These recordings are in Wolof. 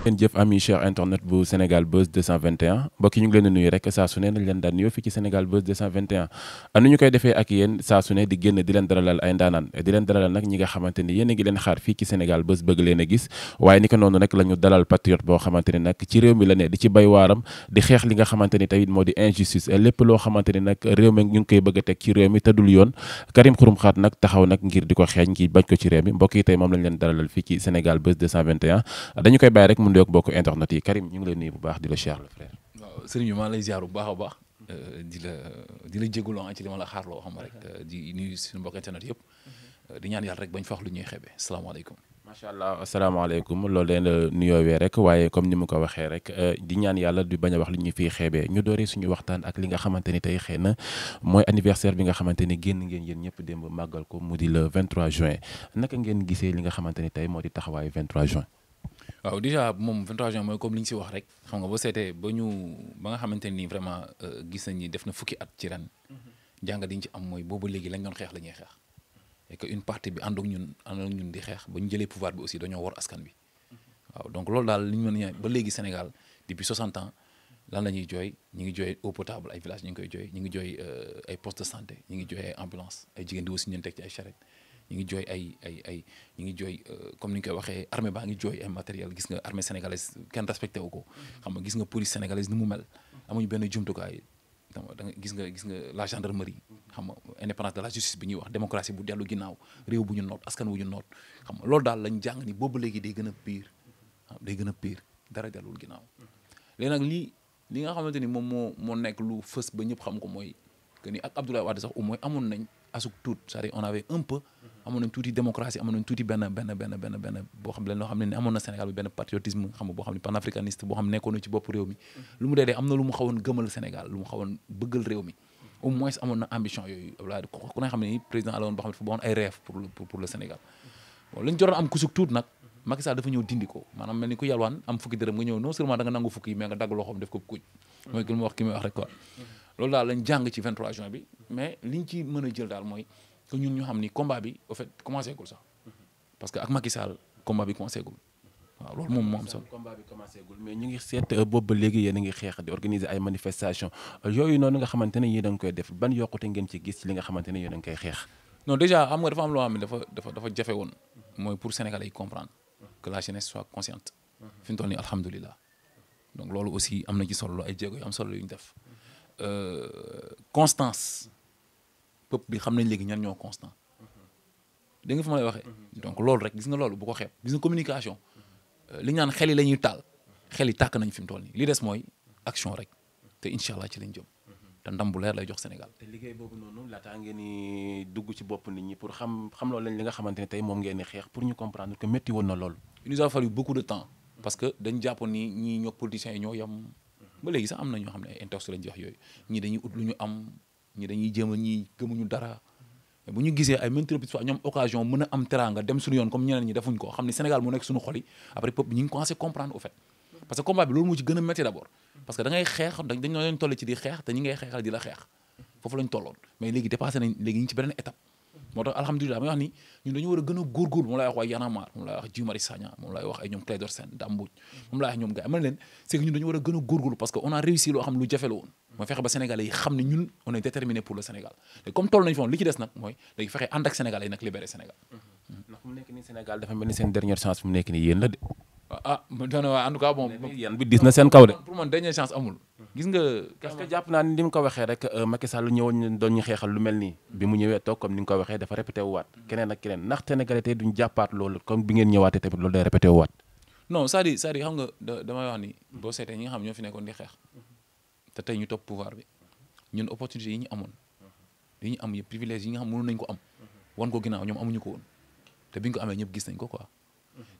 ngeen jëf ami cher internet bu Sénégal Buzz 221 mbokk yi ñu ngi leen di nuyu rek saa su ne nañ leen daan nuyoo fii ci Sénégal Buzz 221 nu ñu koy defee leen dalalal ay ndaanaan di leen dalalal ni yéen a ngi leen xaar fii ci Sénégal Buzz bëgg leen a gis waaye ni nga xamante ni tamit moo di injustice lépp loo xamante ni nag réew mi ngi koy bëgg a teg ci réew yoon Karim Xurum taxaw nag ngir di ko xeeñ ngir bañ ko ci yi tey moom lañ leen dalalal fii ci Sénégal Buzz 221 dañu koy bàyyi rek mu ndoog bokk yi ngi le frère. waaw sëriñ bi bu baax a baax. Euh, la la jégalu ah ci li ma la xaarloo xam rek euh, di nuyu suñu mbokk internet yëpp. Mhm. Euh, ñaan yàlla rek bañ fa lu ñuy xebe salaamaaleykum. macha allah asalaamaaleykum loolu leen la nuyoowee rek waaye comme ni mu ko waxee rek di ñaan yàlla di bañ a wax lu ñuy fii xeebee ñu dooree suñu waxtaan ak li nga xamante ni tey xëy na mooy anniversaire bi nga xamante ni génn ngeen yéen ñëpp démb màggal ko mu di le juin naka ngeen gisee li nga xamante ni tey moo di taxawaayu 23 juin. waaw déjà moom 23 juin mooy comme li ñu si wax rek xam nga boo seetee ba ñu ba nga xamante ni vraiment euh, gis nañ ni def na fukki at ci ren mm-hmm. jàngat yi ñu ci am mooy boobu léegi lañ doon xeex la ñuy xeex et que une partie bi àndoog ñun àndoog ñun di xeex ba ñu jëlee pouvoir bi aussi dañoo war askan bi mm-hmm. waaw donc loolu daal li ñu mën a ba léegi Sénégal depuis 60 ans lan la ñuy jooy ñu ngi jooy eau potable ay village ñu ngi koy jooy ñu ngi jooy euh, ay poste de santé ñu ngi jooy ay ambulance ay jigéen di wasi ñeen teg ci ay ñu ngi jooy ay ay ay ñu ngi jooy euh, comme ni ñu koy waxee armée baa ngi jooy ay matériel gis nga armée sénégalaise kenn respecté wu ko mm-hmm. xam nga gis nga police sénégalaise ni mu mel amuñu benn jumtukaay xam da gis nga gis nga la gendarmerie mm-hmm. xam nga indépendance de la bi ñuy wax démocratie bu dellu ginnaaw réew ñu noot askan wu ñu noot xam nga loolu daal lañ jàng ni boobu léegi day gën a pire ah, day gën a pire dara dellul ginnaaw mm-hmm. léegi nag lii li nga xamante ni moom moo moo nekk lu fës ba ñëpp xam ko mooy que ni ak Abdoulaye Wade sax au amoon nañ asuk tuut c'est-à-dire on avait un peu amoon nañ tuuti démocratie amoon nañ tuuti benn benn benn boo xam ne amoon na Sénégal bi benn patriotisme boo xam ne panafricaniste boo xam nekkoon na mhm. am ku ne xam nag mhm. Macky dafa ñëw dindi ko maanaam mel ni ku yalwaan am fukki dërëm nga ñëw non seulement da nangu fukki yi nga dagg loxoom def ko kuuj mhm. mooy ki mu wax ki muy wax rek loolu daal lañ jàng ci 23 juin bi mais liñ ci mën a jël daal mooy que ñun ñu xam ni combat bi au fait commencé gul sax parce que ak Macky Sall combat bi commencé gul waaw loolu moom moo am solo. combat bi ñu ngi seet euh, boobu ba léegi yéen ngi xeex di ay manifestations euh, yooyu noonu nga xamante ne yéen a koy def ban yokkute ngeen ci gis li xamante ne yéen a koy xeex. non déjà xam nga am loo xam ne dafa dafa dafa jafe woon mooy pour Sénégalais yi comprendre que la jeunesse soit consciente fi mu toll nii loolu aussi am na ci solo ay jéego yu am solo yu ñu def Euh, constance peuple bi xam nañ léegi ñan ñoo constant dégg nga fu may waxee. Mhm. donc loolu rek gis nga loolu bu ko xeeb gis nga communication euh, li ñaan naan xel yi la ñuy taal xel yi tàkk nañ fi mu toll nii li des mooy action rek te incha allah ci lañ jëm. Mhm. te ndam bu leer lay jox Sénégal. te liggéey boobu noonu laataa ngeen ni dugg ci bopp nit ñi pour xam xam loolu lañ li nga xamante ne tey moom ngeen di xeex pour ñu comprendre que métti woon na lool. il nous a fallu beaucoup de temps. parce que dañ jàppoon ni ñii ñoo politiciens yi ñoo yem ba léegi sax am na ñoo xam ne ay intox yooyu ñii dañuy ut lu ñu am ñii dañuy jéem a ñii gëmuñu dara bu ñu gisee ay maintes fois foofu lañ tolloon mais léegi dépassé nañ ci beneen étape moo tax alhamdulilah may wax ni ñun dañu war a gën a góorgóorlu moom laay wax waa Y'en a marre moom wax Guy Marius Sagna moom laay wax ay ñoom Clédor Sène Dame Mbodj moom laay fexe ba sénégalais yi xam ne ñun on déterminé pour le Sénégal te comme toll nañu fa woon nag mooy day fexe ànd ak yi nag libéré Sénégal mm-hmm. ndax ah, ah, bi dis seen kaw de gis nga. parce que jàpp naa ni ni mu ko waxee rek euh, Macky Sall ñëwoon doon ñu xeexal lu mel nii. bi mu ñëwee toog comme ni nga ko waxee dafa répété wu waat. Mm-hmm. keneen ak keneen ndax Sénégalais tey duñ jàppaat loolu comme bi ngeen ñëwaatee tamit loolu day répété wu xam nga xam fi nekkoon di xeex. Mm-hmm. te tey ñu topp pouvoir bi ñun opportunité yi ñu amoon. yi mm-hmm. ñu am yëpp privilège yi nga xam mënoon nañ ko wan ko ginnaaw ñoom amuñu ko woon te biñ ko amee ñëpp gis nañ ko ko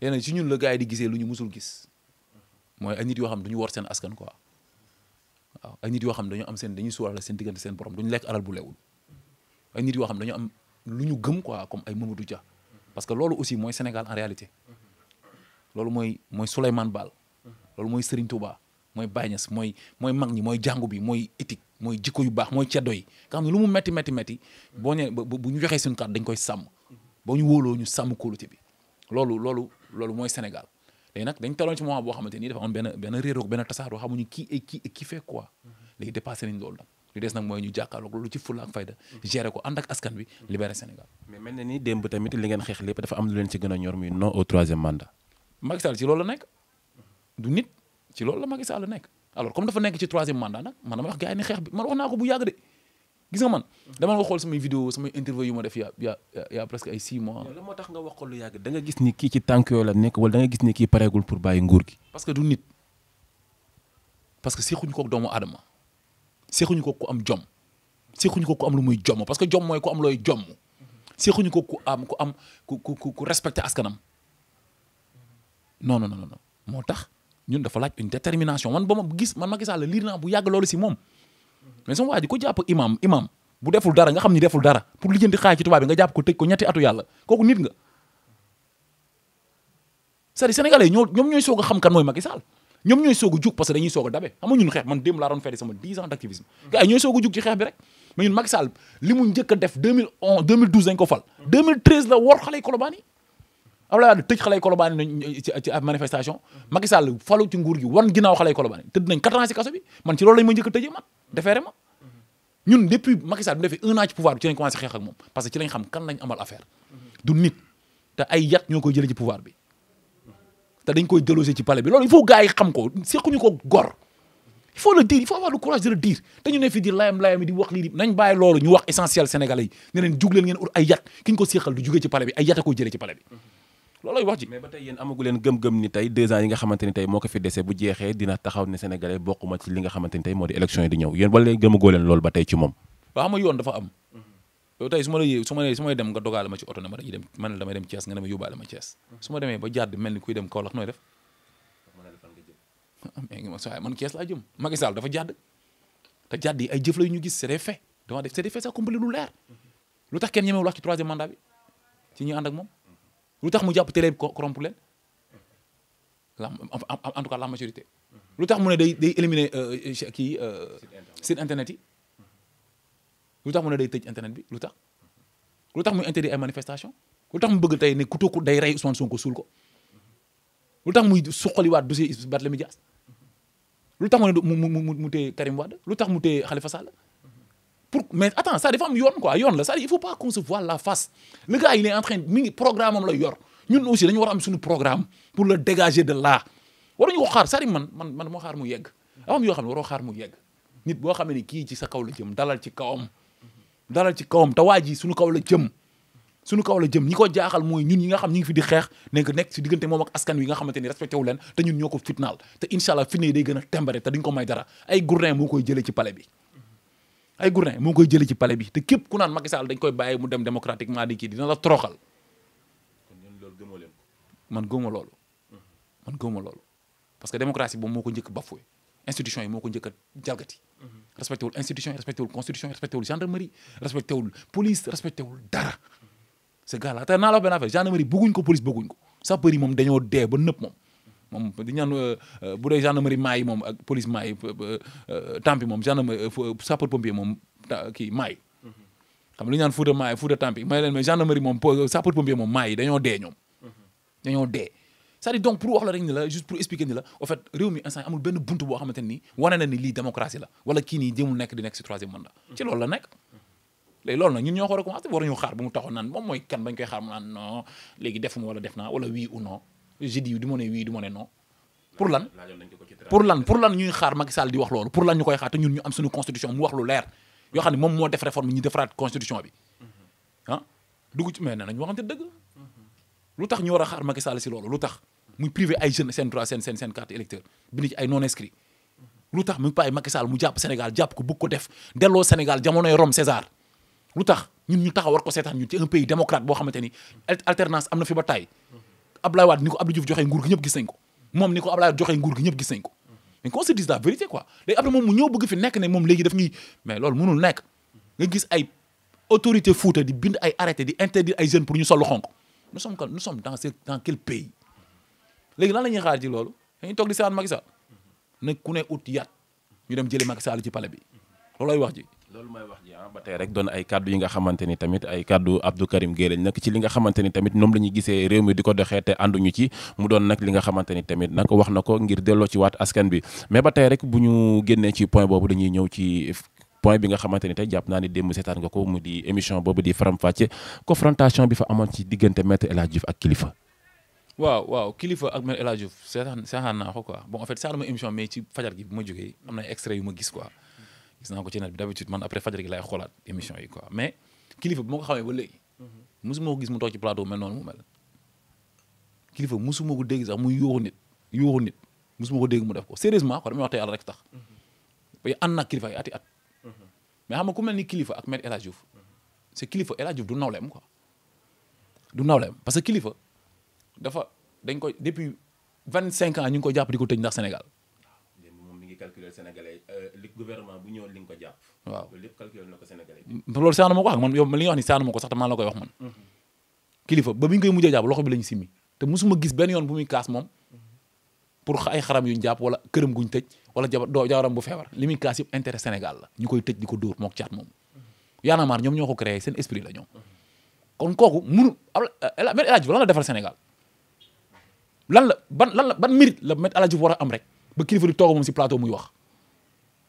léegi nag la gars yi di gisee lu ñu musul gis mooy nit yoo xam duñu wor seen askan quoi waaw ay nit yoo xam ne dañoo am seen dañuy sóoraale seen diggante seen borom duñu lekk alal bu lewul ay nit yoo xam ne dañoo am lu ñu gëm quoi comme ay Mamadou ja parce que loolu aussi mooy Sénégal en réalité loolu mooy mooy Souleymane Baal loolu mooy Serigne Touba mooy Baye Niass mooy mooy mag ñi mooy jàngu bi mooy éthique mooy jikko yu baax mooy ceddo yi nga lu mu metti metti metti boo ñëwee bu ñu joxee suñu kàddu dañ koy sàmm boo ñu wooloo ñu sàmm kóolute bi loolu loolu loolu mooy Sénégal léegi nag dañ taloon ci moment boo xamante nii dafa amoon benn benn réeroog benn tasaaroo xamuñu kii et kii et qui fait quoi mm-hmm. léegi dépassé nañ loolu nag li des nag mooy ñu jàkkaarloog loolu ci fulla fayda mm-hmm. gérer ko ànd ak askan bi mm-hmm. libérer Sénégal mais mel na ni démb tamit li ngeen xeex lépp dafa am lu leen ci gën a ñor muy non au troisième mandat Macky Sall ci loolu la nekk du nit ci nekk ci troisième mandat nag man dama wax gars yi ni xeex bi man wax naa ko bu yàgg de gis nga man dama nga xool samay vidéo samay interview yu ma def yaa yaa yaa presque ay 6 moo tax nga wax ko lu yàgg danga gis ni kii ci tànk yooyu la nekk wala da nga gis ni kii pareegul pour bàyyi nguur gi. parce que du nit parce que seexuñu ko doomu aadama seexuñu ko ku am jom seexuñu ko ku am lu muy jomm parce que jom mooy ku am looy jomm seexuñu ko ku am ku am ku ku ku askanam non non non non moo tax ñun dafa laaj une détermination man ba ma gis man Macky Sall liir naa bu yàgg loolu si moom. mais sama waa ji ko jàpp imam imam bu deful dara nga xam ni deful dara pour lijjanti xaay ci tubaab nga jàpp ko tëj ko ñetti atu yàlla kooku nit nga c'est-à-dire ñooy soog a xam kan mooy Macky ñooy soog a jug a dabe xam nga ñun xeex mm. a bi rek mais ñun Macky Sall li mu njëkk a def 2011 2012 dañ ko fal 2013 la wor xale yi Colobane yi Abdoulaye Wade tëj xaley Colobane nañ ci ab manifestation Macky falu ci nguur gi wan ginnaaw xaley Colobane tëdd nañ quatre ans ci man ci loolu lañ ma njëkk a tëjee man defeere ma ñun depuis Macky Sall bi defee un an ci pouvoir bi ci lañ commencé du nit te ay yat ñoo koy jëlee ci pouvoir bi ci palais bi loolu il faut gars yi xam ko sequñu ko gor il faut le dire il faut avoir le courage de le dire ne fii di layam layam di wax lii nañ bàyyi loolu ñu wax essentiel ko seexal du ci palais bi ay yat a koy jëlee loolooy wax ji. mais ba tey yéen amagu leen gëm-gëm ni tey deux ans yi nga xamante ni tey moo ko fi dese bu jeexee dina taxaw ne sénégalais bokkuma ci li nga xamante ni tey moo di élection yi di ñëw yéen wala leen gëmagoo leen loolu ba tey ci moom waa xam nga yoon dafa am mm-hmm. yow tey su ma lay su ma su may man damay ma yóbbaale ma mm-hmm. ah, laa jëm Macky dafa jàdd te jàdd yi ay jëf la ñu gis c'est des faits dama def c'est des faits ça lu leer mm-hmm. lu tax kenn ñemewul wax ci troisième mandat bi ci ñi ànd ak moom lu tax mu jàpp télé bi corrompre en tout cas la majorité lu tax mu ne day day éliminer euh, kii euh, site internet yi lu tax mu ne day tëj internet bi lu tax lu tax mu interdit ay manifestation lu tax mu bëgg tey ne ku day rey Ousmane Sonko suul ko lu tax muy suqaliwaat dossier Barthélémy Dias lu tax mu ne mu mu mu téye Karim Wade lu tax mu té Khalifa pour mais attends ça dafa am yoon quoi yoon la ça il faut pas qu'on se voile la face le gars il est en train mi ngi programme am la yor ñun aussi dañu war a am suñu programme pour le dégager de là waruñu ko xaar c'est-à-dire man man man moo xaar mu yegg dafa am yoo xam ne waroo xaar mu yegg nit boo xamee ne kii ci sa kaw la jëm dalal ci kawam dalal ci kawam te waa ji suñu kaw la jëm suñu kaw la jëm ñi ko jaaxal mooy ñun ñi nga xam ñi ngi fi di xeex nekk nekk si diggante moom ak askan wi nga xamante ni respecté wu leen te ñun ñoo ko fitnaal te incha allah fitna yi day gën a tembare te duñ ko may dara ay gourdin moo koy jëlee ci palais bi ay gourdin moo koy jëlee ci palais bi te képp ku naan Macky Sall dañ koy bàyyi di kii la toroxal. man gëmoo man gëmoo parce que démocratie boobu moo ko njëkk institution yi moo ko a jalgati. respecté institution yi respecté constitution yi respecté wul gendarmerie respecté police respecté dara. ce te naa la benn affaire gendarmerie bëgguñ ko police bëgguñ ko sapeur yi moom dee ba nëpp moom. moom di ñaan euh, euh, bu dee gendarmerie maay moom ak police maay euh, tampi moom gendarmerie sapeur pompier moom kii maay. xam nga li ñu naan Fouta maay Fouta tampi may leen dañoo dee ñoom. dañoo dee c'est-à-dire donc pour wax la rek ni la juste pour expliquer ni la au fait réew mi instant amul benn buntu boo xamante ni wane na ni lii démocratie la wala kii nii jéemul nekk di nekk si troisième ci loolu la nekk. léegi loolu nag ñun ñoo ko recommencé waruñu xaar bu mu taxoon naan moom mooy kan bañ koy xaar mu naan non léegi defuma wala def naa wala oui ou j'ai dit du ma ne oui du ma ne non. pour lan pour lan ñuy xaar Macky di wax loolu pour lan ñu koy xaar te ñun ñu am suñu constitution mu wax lu leer yoo xam moom moo def réforme ñu defaraat constitution bi mm-hmm. ah dugg ci mais nee nañ waxante dëgg mm-hmm. lu tax ñu war a xaar Macky si loolu lu tax muy privé ay jeunes seen ko bëgg def delloo Sénégal jamonoy Rome César lu tax ñun ñu taxaw war ko seetaan ñun pays démocrate boo xamante alternance am na fi ba Abdoulaye Wade ni ko Abdou Diouf joxe nguur gi ñëpp gis nañ ko moom ni ko Abdoulaye Wade joxe nguur gi ñëpp gis nañ ko mais qu'on se dise la vérité moom mu ñëw bëgg fi nekk ne moom léegi daf ñuy mais loolu mënul nekk nga gis ay autorité Fouta di bind ay arrêté di interdire ay jeunes pour ñu solu xonk nous sommes nous sommes dans ce dans quel pays léegi lan la ñuy xaar ci loolu dañuy toog di seetaan Macky Sall nag ku ne ut yaat ñu dem jëlee Macky Sall ci bi loolooy wax loolu mooy wax ji ah ba tey rek doon ay kàddu yi nga xamante ni tamit ay kàddu Abdou Karim Gueye lañ ci li nga xamante ni tamit ñoom la ñuy gisee réew mi di ko doxee te ànduñu ci mu doon nag li nga xamante ni tamit nag wax na ko ngir delloo ci waat askan bi mais ba tey rek bu ñu génnee ci point boobu dañuy ñëw ci point bi nga xamante ni tey jàpp naa ni démb seetaan nga ko mu di émission boobu di Faram Facce confrontation bi fa amoon ci diggante maître El Hadj ak kilifa. waaw waaw kilifa ak maître El Hadj Diouf seetaan seetaan naa ko fajar gi bu ma jógee am na extrait yu ma gis quoi. gis naa ko ci net bi d'habitude man après fajar gi lay xoolaat émission yi quoi mais kilifa bi moo ko xamee ba léegi. Mhm. mosuma ko gis mu toog ci plateau mel noonu mu mel. kilifa mosuma ko dégg sax muy yóoxu nit yóoxu ko dégg mu def ko sérieusement quoi damay wax tey rek tax. parce mhm. que ànd naa kilifa ay mhm. mais xam ku mel ni kilifa ak maître El Hadj Diouf c'est kilifa El du nawleem quoi du nawleem parce que kilifa depuis vingt cinq ans ñu ngi koy jàpp ko tëj ndax Sénégal. calculer euh, li gouvernement bu ñëw li nga ko jàpp. waaw loolu lépp mm-hmm. ba bi ñu koy bi lañu simmi te musuma gis benn yoon bu muy kaas moom mm-hmm. pour ay xaram yuñ jàpp wala këram guñ tëj wala jabar doo jabaram bu feebar li muy kaas yëpp intérêt Sénégal la ñu koy tëj di ko dóor mook caat moom mm-hmm. yaana maar ñoom ñoo ko créé seen esprit la ñoom kon kooku munu El Hadj Diouf lan la defal Sénégal lan la ban a am rek ba kilifa di toog si plateau muy wax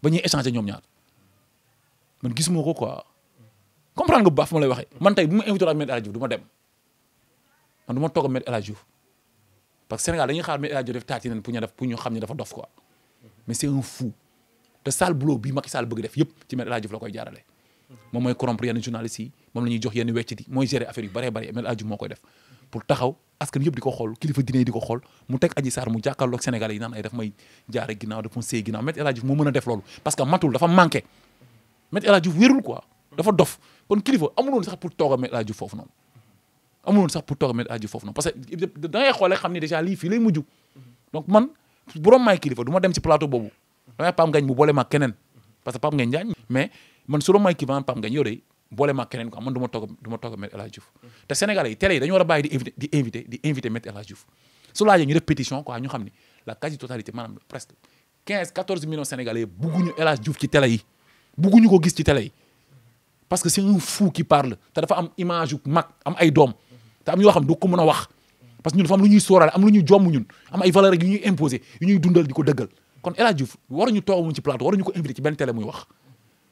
ba ñuy échanger ñoom ñaar man gis gisuma ko quoi comprendre nga bu baax fu ma man tey bu ma invité woon ak Me ma dem man du ma toog ak Me El Hadji Diouf parce que Sénégal dañuy xaar Me El Hadji def taati nañ pour ñu def pour ñu xam ne dafa dof quoi mais c'est un fou te sale boulot bii Macky Sall bëgg def yëpp ci Me El Hadji Diouf la koy jaarale. moom mooy corrompre yenn journalistes yi moom la ñuy jox yenn weccit yi mooy gérer affaire yu Me El moo koy def pour taxaw askan yëpp di ko di ko xool mu teg Adji Sarr mu jàkkaarloog Sénégalais yi naan ay daf may jaare ginnaaw daf ma seey ginnaaw Maître a def loolu parce que matul dafa sax pour tooga Maître El Hadji Diouf foofu parce que da ngay xoolee xam ne déjà lii fii lay mujj donc man boroom maay kilifa du ma dem ci plateau boobu damay Pape Ngagne mu boole ma keneen parce que Pape Ngagne Ndiagne boole ma keneen quoi man du du ma toog a Me El Hadj Diouf te sénégalais yi télé yi dañu war a bàyyi di invité di invité di invité Me El Hadj Diouf su laajee ñu répétition quoi ñu xam ni la quasi totalité maanaam presque 15 14 millions sénégalais bugguñu El Hadj Diouf ci télé yi bugguñu ko gis ci télé yi parce que c'est un fou qui parle te dafa am image yu mag am ay doom te am yoo xam du ko mën a wax parce que ñun dafa am lu ñuy sóoraale am lu ñuy jomm ñun am ay valeurs di ko kon El Hadj Diouf wax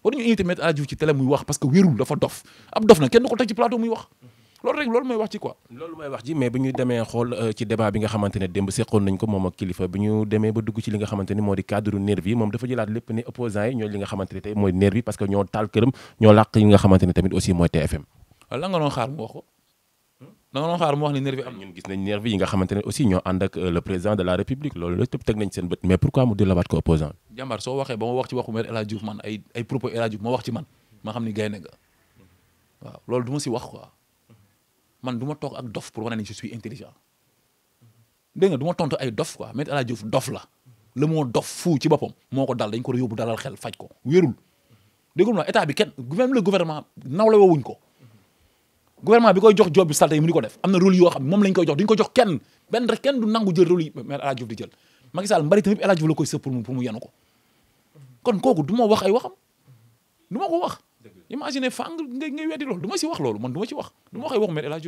war ñu invité Maître El Hadji Diouf ci télé muy wax parce que dafa dof ab dof na kenn du ko teg ci plateau muy wax loolu rek loolu mooy wax ci quoi. loolu mooy wax ji mais bu ñu demee xool euh, ci débat bi nga xamante ne démb seqoon nañ ko moom ak kilifa bi ñu demee ba dugg ci li nga xamante ne di cadre nervi moom dafa jëlaat lépp ne opposants yi ñoo li nga xamante ne tey mooy nervi parce que ñoo taal këram ñoo làq yi nga xamante tamit aussi mooy TFM. non nga doon xaar mu wax ni nervi am ñun gis nañ nervi yi nga xamante ne aussi ñoo ànd ak euh, le président de la république loolu la tëb teg nañ seen bët mais pourquoi mu delluwaat ko opposant jàmbaar soo wax ci man ma xam ni gaynde nga loolu du si wax quoi man du ma toog ak dof pour a ni je suis intelligent dégg nga du tontu ay dof quoi maître El Hadji Diouf dof la le mot dof fuu ci boppam moo ko dal dañ ko yóbbu dalal xel faj ko wérul déggul ma état bi kenn même le gouvernement naw la woowuñ ko gouvernement bi koy jox job bi salte yi mu di ko def am na rôle yoo xam moom lañ koy jox duñ ko jox kenn benn rek du nangu jël rôle yi El Hadj Diouf di jël Macky Sall mbari tamit El Hadj Diouf la koy sëpp pour mu yenu ko kon kooku du ma wax ay waxam du ma ko wax imagine fang nga ngay weddi loolu ma si wax loolu man du ma si wax du ma wax ay waxu Me El Hadj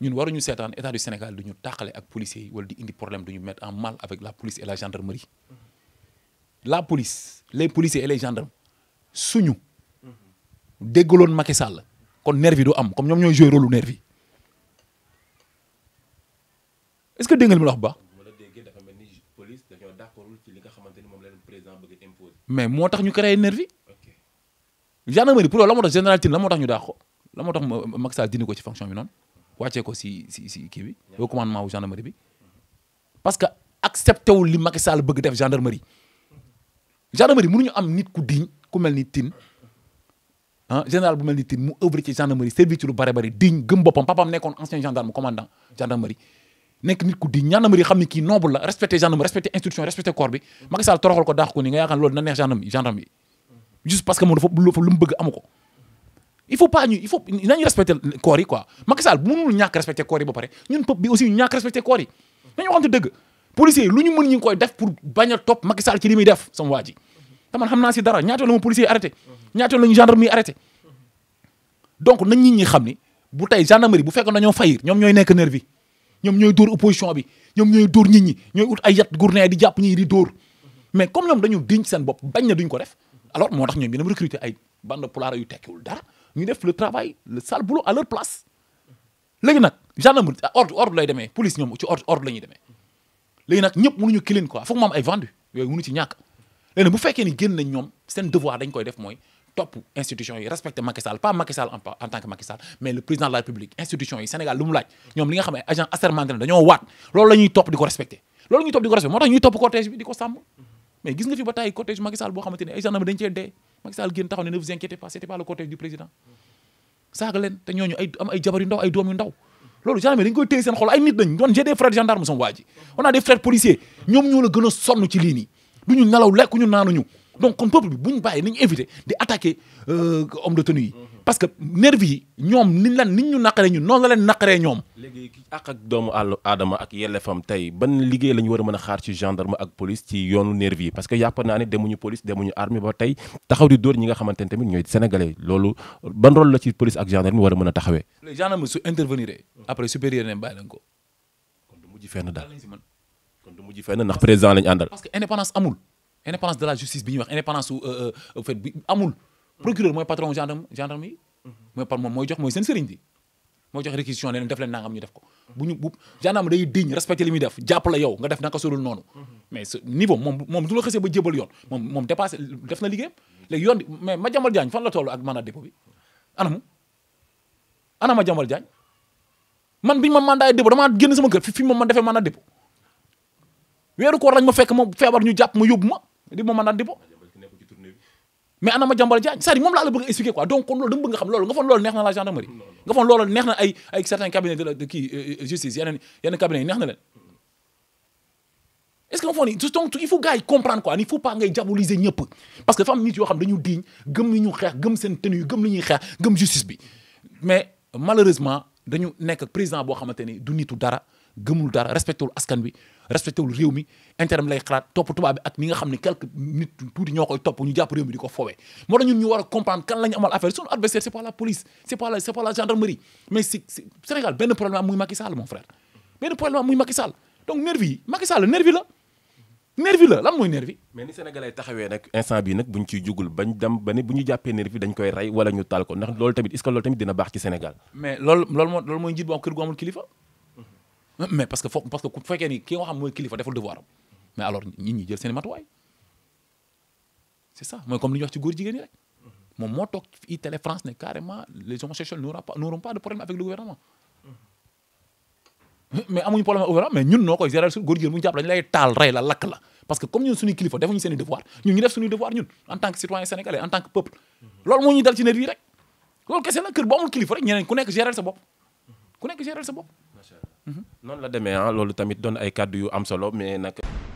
ñun ñu seetaan état du Sénégal du ñu tàqale ak policiers yi wala di indi problème du ñu mettre en mal avec la police et la gendarmerie la police les policiers et les gendarmes suñu déggaloon Macky Sall kon nervi du am comme ñoom ñooy joué rôle nervi est ce que dégg nga li ma la wax bu baax. mais moo tax ñu créé nervi gendarmerie pour loolu la moo tax général la moo tax ñu daax ko la moo tax Macky Sall dindi ko ci fonction bi noonu. wàccee ko si si si kii bi au commandement wu gendarmerie bi parce que accepté wul li Macky Sall bëgg def gendarmerie gendarmerie mënuñu am nit ku diñ ku mel ni Tine ah général bu mel mu œuvre ci gendarmerie service lu bare bari diñ gëm boppam papaam nekkoon ancien gendarme commandant gendarmerie nekk nit ku diñ gendarmerie xam ne kii noble la respecté gendarme respecté institution respecté corps bi Macky Sall ko daax ko ni nga yaakaar loolu na neex gendarme gendarme parce que moom dafa lu bëgg ko il faut pas ñu il faut nañu respecter corps yi quoi Macky Sall bu mënul ñàkk respecter corps yi ba pare ñun peuple bi aussi ñu ñàkk respecter corps yi nañu waxante dëgg policiers yi lu ñu mën ñu ngi koy def pour bañ a topp Macky Sall ci li muy def sama waa ji te man xam naa si dara ñaata la ma policiers yi arrêté ñaata la ñu gendarme yi arrêté donc nañ nit ñi xam ni bu tey gendarmerie bu fekkoon dañoo fayir ñoom ñooy nekk nervi ñoom ñooy dóor opposition bi ñoom ñooy dóor nit ñi ñooy ut ay yat gourné di jàpp ñi di dóor mais comme ñoom dañu diñ seen bopp bañ na duñ ko def alors moo tax ñoom ñu dem recruter ay bande pulaar yu tekkiwul dara ñu def le travail le sale boulot à leur place léegi nag gendarmerie ah, ordre ordre lay demee police ñoom ci ordre ordre demee léegi nag ñëpp mënuñu kilin quoi foog mu am ay vendu yooyu mënu ci ñàkk léegi bu fekkee ni génn nañ ñoom devoir dañ koy def mooy topp institution yi respecter Macky pas Macky en tant que Macky mais le président la République institution yi Sénégal lu mu laaj ñoom li nga xam ne agent assermenté na loolu la ñuy di ko respecter Macky Sall génn taxaw ne ne vous inquiétez pas c'était pas le cortège du président saaga leen te ñooñu ay ay jabar ndaw ay doom ndaw loolu gendarme dañ koy téye seen xol ay nit lañ doon j'ai des frères gendarmes sama waa ji on a des frères policiers ñoom la gën a sonn ci lii nii du ñu nelaw lekkuñu naanuñu donc kon peuple bu ñu bàyyi nañu invité di attaquer euh, homme de tenue yi. Mhm. parce que nervi yi ñoom niñ lan niñ ñu naqaree ñun noonu la leen naqaree ñoom. léegi ak ak doomu àll aadama ak yelleefam tey ban liggéey la ñu war a mën a xaar ci gendarme ak police ci yoonu nervi yi parce que yàpp naa ne demuñu police demuñu armée ba tey taxaw di dóor ñi nga xamante ne tamit ñooy sénégalais loolu ban rôle la ci police ak gendarme war a mën a taxawee. gendarme su intervenir après supérieur ne bàyyi lañ ko. kon du mujj fenn daal kon du mujj lañ àndal. parce que indépendance amul. indépendance de la justice bi ñuy wax indépendance su euh, euh, fait bi amul. procureur mooy patron gendarme gendarme yi. mooy par moom mooy jox mooy seen sëriñ bi. mooy jox réquisition ne leen def leen nangam ñu def ko. bu ñu bu gendarme day diñ respecté li muy def jàpp la yow nga def naka solul noonu. mais ce niveau moom moom du la xasee ba jébal yoon. moom moom dépassé def na liggéeyam. léegi yoon mais Madiambal Diagne fan la toll ak mandat dépôt bi anamu ana Madiambal Diagne man biñ ma mandat dépôt damaa génn sama kër fi fi ma man defee mandat dépôt weeru koor lañ ma fekk ma feebar ñu jàpp ma yóbbu ma di moom mandat dépôt mais ana ma jàmbal jaañ cest à moom laa bëgg a expliquer quoi donc kon loolu dama bëgg nga xam loolu nga foog nga foog neex na ay leen est-ce que nga foog ni donc il faut gars yi comprendre quoi il faut pas ngay diaboliser ñëpp parce que dafa am nit yoo xam dañu diiñ gëm li ñu xeex gëm seen tenue gëm li ñuy xeex gëm justice bi mais malheureusement dañu nekk président boo xamante ni du nitu dara gëmul dara respecté wul askan bi respecté wul réew mi intérêt lay xalaat topp tubaab ak ni nga xam ne quelque nit tuuti ñoo topp ñu jàpp réew mi di ko fowe moo tax ñun ñu war a kan la amal affaire suñu adversaire c'est pas police c'est pas la Sénégal benn problème am muy mon frère benn problème am muy donc nervi yi Macky nervi la lan mooy nervi mais ni sénégalais taxawee nag instant bi nag buñ ciy jugul bañ dem ba ne bu ñu jàppee nervi dañ koy rey wala ñu taal ko ndax loolu tamit est-ce que loolu tamit dina baax ci Sénégal mais loolu loolu moo loolu mooy njiit bu am kër gu parce que parce que ku fekkee ki nga xam mooy kilifa deful devoir am mais alors nit ñi jël seen matuwaay c'est ça mooy comme li ñu wax ci góor jigéen ñi rek moom moo toog i télé France ne carrément les homosexuels n'auront pas n'auront pas de problème avec le gouvernement mais amuñu problème overall mais ñun noo koy gérer góor jigéen bu ñu jàpp dañu lay taal la lakk parce que comme ñun suñuy kilifa defuñu seen i devoir ñun ñu def suñuy devoir ñun en tant que citoyen sénégalais en tant que peuple loolu moo ñuy dal ci rek loolu kese la kër bu amul kilifa rek ñeneen ku nekk gérer sa bopp ku nekk noonu la demee ah, loolu tamit doon ay kàddu yu am solo mais nag